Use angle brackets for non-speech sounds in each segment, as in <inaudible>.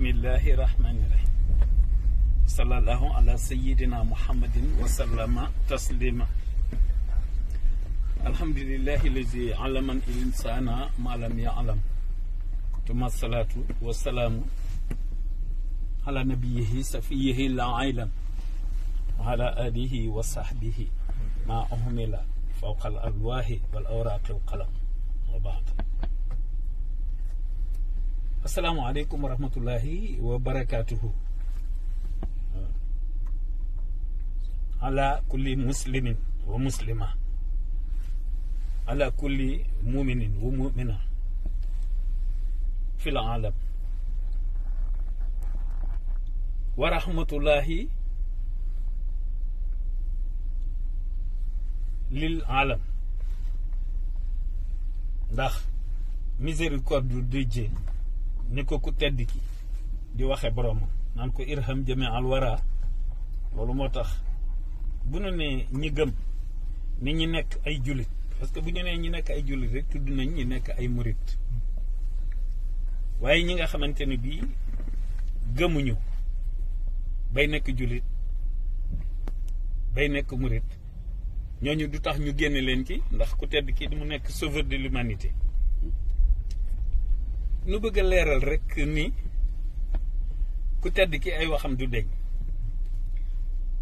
bismillahi rahmani rahim sallallahu ala sayidina muhammadin wa sallama taslima alhamdulillahi lazi allama al insana ma lam ya'lam tuma salatu wa salamu ala nabiyihi safiyihi la aylam wa ala alihi wa sahbihi ma uhmila fawqa al alwahi wal awraqi al qalam wa ba'd asalaamaaleykum wa rahmatullahi wa barakaatuhu ala kulli muslimin wa muslima ala kulli muminin wa mumina fil alam wa rahmatullahi lil alam ndax miséricorde de Dieu ni ko ku tedd ki di waxe borom naan ko irham jame alwara loolu moo tax bu ñu nee ñi gëm ni ñi nekk ay jullit parce que bu ñu nee ñi nekk ay jullit rek tudd nañ ñi nekk ay murit waaye ñi nga xamante ne bii gëmuñu bay nekk jullit bay nekk murit ñooñu du tax ñu génne leen ci ndax ku tedd ki di mu nekk sauveur de l'humanité nu bëgg leeral rek ni ku tedd ki ay waxam du deñ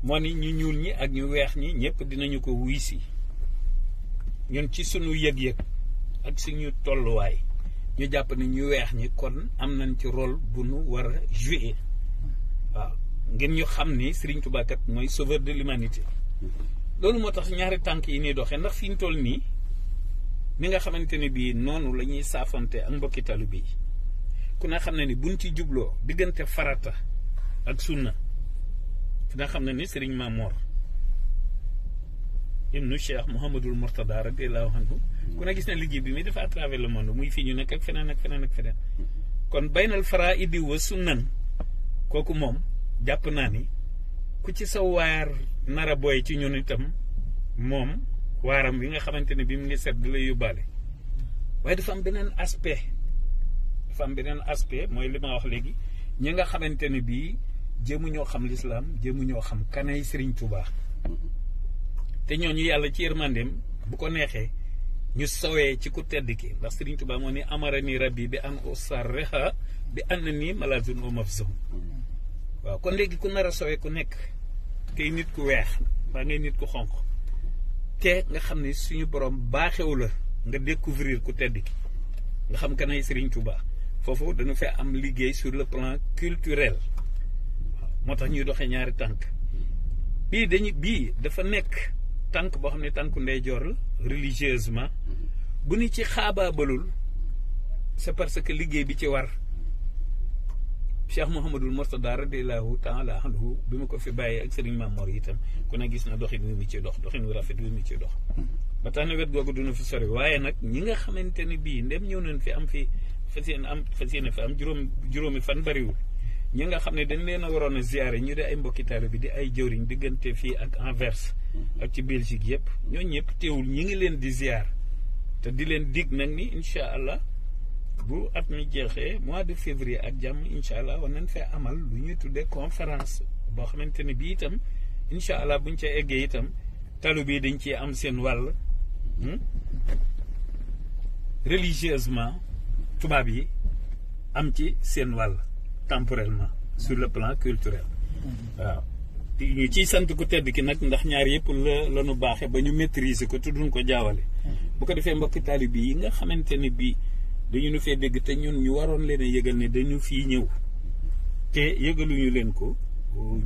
moo ni ñu ñuul ñi ak ñu weex ñi ñëpp dinañu ko wuy si ñun ci sunu yëg-yëg ak suñu tolluwaay ñu jàpp ni ñu weex ñi kon am nañ ci rôle bu nu wara a waaw ngeen ñu xam ni Serigne Touba kat mooy sauveur de l'humanité mm-hmm. loolu moo tax ñaari tànk yi ñuy doxee ndax fii ñu toll nii ni nga xamante ne bii noonu la ñuy saafante ak mbokki taalibe yi ku na xam na ni buñ ci jubloo diggante farata ak sunna ku ne xam na ni sëriñ Maamoor ibnu Cheikh Mouhamadul Mourtada radiallahu anhu ku ne gis na liggéey bi muy def à travers le monde muy fii ñu nekk ak feneen ak feneen ak feneen kon baynal fara idi wa sunnan kooku moom jàpp naa ni ku ci sa waar nara booy ci ñun itam moom waaram wi nga xamante ne bi mu ngi set di lay yóbbaale waaye dafa am beneen aspect dafa am beneen aspect mooy li ma wax léegi ñi nga xamante ne bii jéemu ñoo xam lislaam jëmmu ñoo xam kanay Serigne Touba te ñoo ñu yàlla ci yërmandeem bu ko neexee ñu soowee ci ku tedd ki ndax Serigne Touba moo ni amara ni rabbi bi an usarriha bi an nii malazun wa mafzum mm-hmm. waaw kon léegi ku nar a sowee ku nekk tey nit ku weex mbaa ngay nit ku xonq te nga xam ne suñu borom baaxewu la nga découvrir ku tedd ki nga xam kan ay Serigne Touba foofu dañu fee am liggéey sur le plan culturel moo tax ñuy doxee ñaari tànk bii dañu bii dafa nekk tànk boo xam ne tànku ndeyjoor la religieusement bu ñu ci xaababalul c'est parce que liggéey bi ci war cheikh Mouhamadul Mourtada radiyallahu taala anhu bi ma ko fi bàyyee ak Serigne Mamor itam ku ne gis na doxin wi mu ci dox doxin wu rafet wi mu ci dox. Hmm. ba tax na wet googu duna fi sori waaye nag ñi nga xamante ne bii ndem ñëw nañ fi am fi fas yéene am fas yéene fi am juróom juróomi fan bariwul. ñi nga xam ne dañ leen a waroon a ziare ñu di ay mbokki taalibe bi di ay jëwriñ diggante fi ak Anvers. Hmm. ak ci Belgique yëpp ñooñu ñëpp teewul ñi ngi leen di ziar te di leen dig nag ni incha bu at mi jeexee mois de février ak jàmm incha allah war nañ fee amal lu ñuy tuddee conférence boo xamante ne bii itam incha allah buñ ca eggee itam talu bii dañ ciy am seen wàll hmm, religieusement tubaab yi am ci seen wàll temporellement sur le plan culturel waaw ñu ci sant ku tedd ki nag ndax ñaar yëpp la la ñu ba ñu maîtriser ko tudduñ ko jaawale hmm. bu ko defee mbokki taalib yi nga xamante ne dañu nu fee dégg te ñun ñu waroon leen a yëgal ne dañu fii ñëw te yëgaluñu leen ko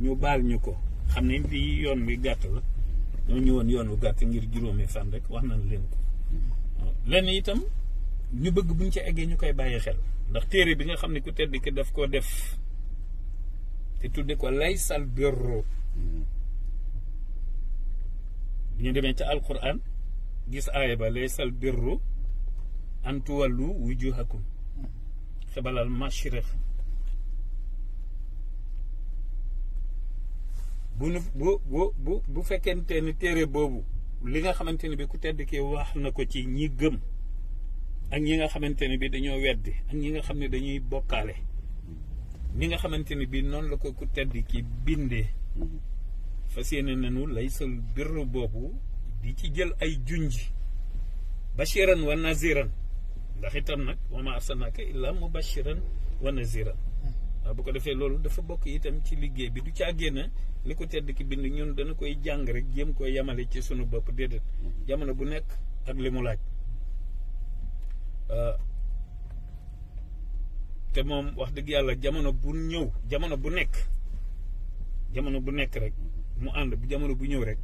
ñu baal ñu ko xam ne lii yoon wi gàtt la ñoo ñëwoon yoon wu gàtt ngir juróomi fan rek wax nañ leen ko lenn itam ñu bëgg buñ ci eggee ñu koy bàyyi xel ndax téere bi nga xam ne ku tedd ki daf koo def te tudde ko laysal birru ñu demee ca alquran gis aaya ba sal birru an tuwallu wujuhakum xibalal mashriq bu nu bu bu bu bu fekkente ni téere boobu li nga xamante ne bi ku tedd ki wax na ko ci ñi gëm ak ñi nga xamante ne bi dañoo weddi ak ñi nga xam ne dañuy bokkaale ñi nga xamante ne bi noonu la ko ku tedd ki bindee fas yéene nañu lay sël birru boobu di ci jël ay junj bashiran wa naziran ndax itam nag wa maa arsalnaaka illaa mubashiran wa naziran waaw bu ko defee loolu dafa bokk itam ci liggéey bi du caa génn li ko tedd ki bind ñun dana koy jàng rek jéem koy yamale ci sunu bopp déedéet jamono bu nekk ak li mu laaj euh, te moom wax dëgg yàlla jamono bu ñëw jamono bu nekk jamono bu nekk rek mu jamono bu ñëw rek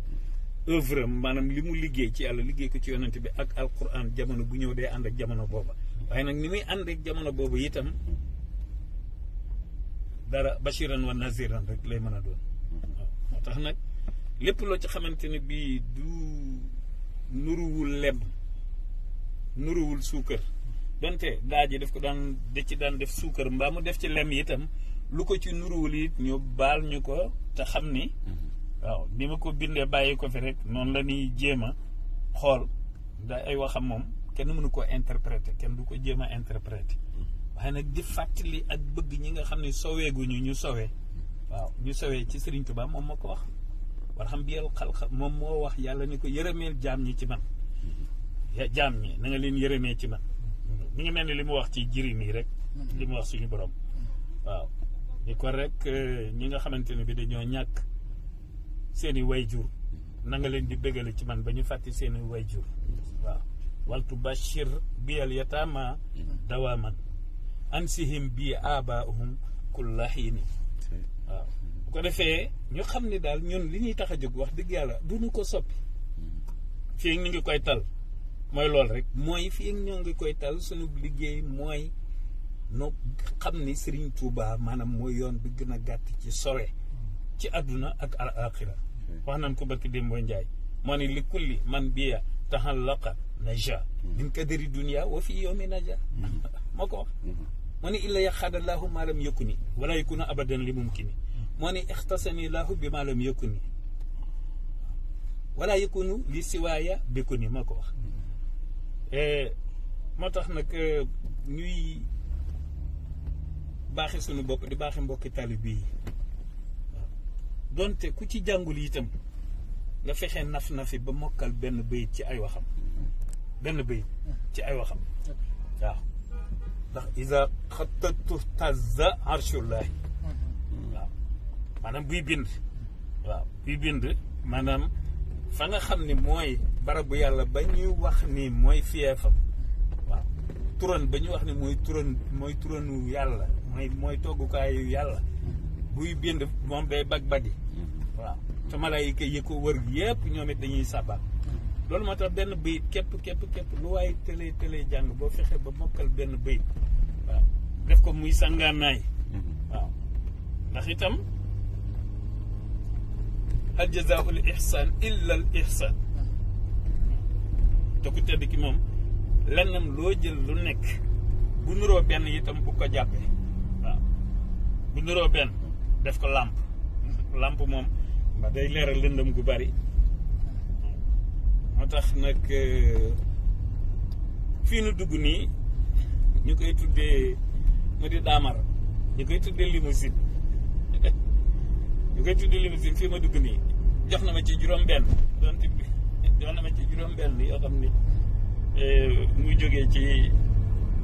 œuvre am maanaam li mu liggéey ci yàlla liggéey ko ci yonent bi ak alquran jamono bu ñëw day ànd ak jamono booba waaye nag ni muy ànd ak jamono booba itam dara bashiran wa naziran rek lay mën a doon moo tax nag lépp loo ci xamante ne bii du nuruwul lem nuruwul suukar donte daa ji daf ko daan da ci daan def suukar mbaa mu def ci lem itam lu ko ci nuruwul yi ñu baal ñu ko te xam ni mm-hmm. waaw ni ma ko bindee bàyyi ko fi rek noonu la ñuy jéem a xool da ay waxam moom kenn mënu ko interpréter kenn du ko jéem a interpréter mm-hmm. waaye nag di fàttali ak bëgg ñi nga xam ne soweeguñu ñu ñu sowee waaw ñu sowee ci Serigne Touba moom ma ko wax war xam bi yàlla xal moom moo wax yàlla ni ko yërëmeel jaam ñi ci man mm-hmm. jaam ñi nanga leen yërëmee ci man mm-hmm. mi ngi mel ni li mu wax ci jiri nii rek li mu wax suñu borom waaw ni ko rek eh, ñi nga xamante ne bi dañoo ñàkk seen i way jur na nga leen di bégale ci man ba ñu fàtte seen i way jur waaw waltu bashir biyal yataama dawaaman ansihim bi aabaahum kulla xiini waaw bu ko defee ñu xam ne daal ñun li ñuy tax a jóg wax dëgg yàlla du ñu ko soppi fii ñu ngi koy tal mooy loolu rek mooy fii ñoo ngi koy tal suñu liggéey mooy no xam ni Serigne Touba maanaam mooy yoon bi gën a gàtt ci sowe ci àdduna ak al axira hmm. wax nañ ko barki démb Njaay moo ne li kulli man biya taxallaqa naja hmm. min kadari dunia wa fi yowmi naja hmm. <laughs> moo ko wax moo ne illa yaxaada laahu maa lam yëkku ni wala yakuna abadan li mumkini moo ne ixtasani laahu bi maa lam yëkku ni wala yakunu li siwaaya békku ni moo ko wax eh, moo tax nag eh, ñuy baaxe sunu bopp di baaxi mbokki talib yi donte ku ci jàngul yitam nga fexe naf na fi ba mokkal benn bayit ci ay waxam benn bayit ci ay waxam waaw ndax isa xattatu tazza arshullahi waaw maanaam buy bind waaw buy bind maanaam fa nga xam ni mooy barabu yàlla ba ñuy wax ni mooy fiyeefam waaw turan ba ñuy wax ni mooy turan mooy turanu yàlla mooy mooy toggukaayu yàlla buy bind moom day bag bagi waaw te malaayika yi ko wër yëpp ñoom dañuy sabal loolu moo tax benn bayit képp képp képp lu waaye tëlee tëlee jàng boo fexe ba mokkal benn bayit waaw def ko muy sangaanaay waaw ndax itam al ihsaan illa ihsaan te ku tedd ki moom lennam loo jël lu nekk bu nuroo benn itam bu ko jàppee waaw bu nuroo benn def ko làmp làmp moom day leeral lëndëm gu bari moo tax nag euh, fii nu dugg nii ñu koy tuddee mu di daamara ñu koy tuddee limousine <laughs> ñu koy tuddee limousine fii ma dugg nii jox na ma ci juróom-benn donte bi <laughs> jox na ma ci juróom-benn yoo xam ni euh, mu jógee ci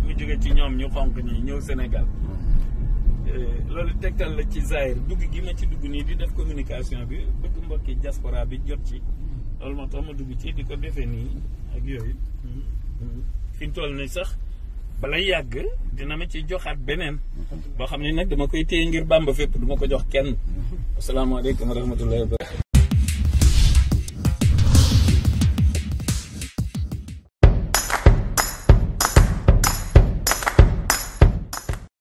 mu jógee ci ñoom ñu xonq ñi ñëw senegal Eh, loolu tegtal la ci Zaire dugg gi ma ci dugg nii di def communication bi bëgg mbokki diaspora bi jot ci loolu moo tax ma dugg ci di ko defee nii ak yooyu fi ñu toll sax bala yàgg dina ma ci joxaat beneen boo xam ne nag dama koy téye ngir bàmba fépp duma ko jox kenn asalaamaaleykum wa rahmatullahi wa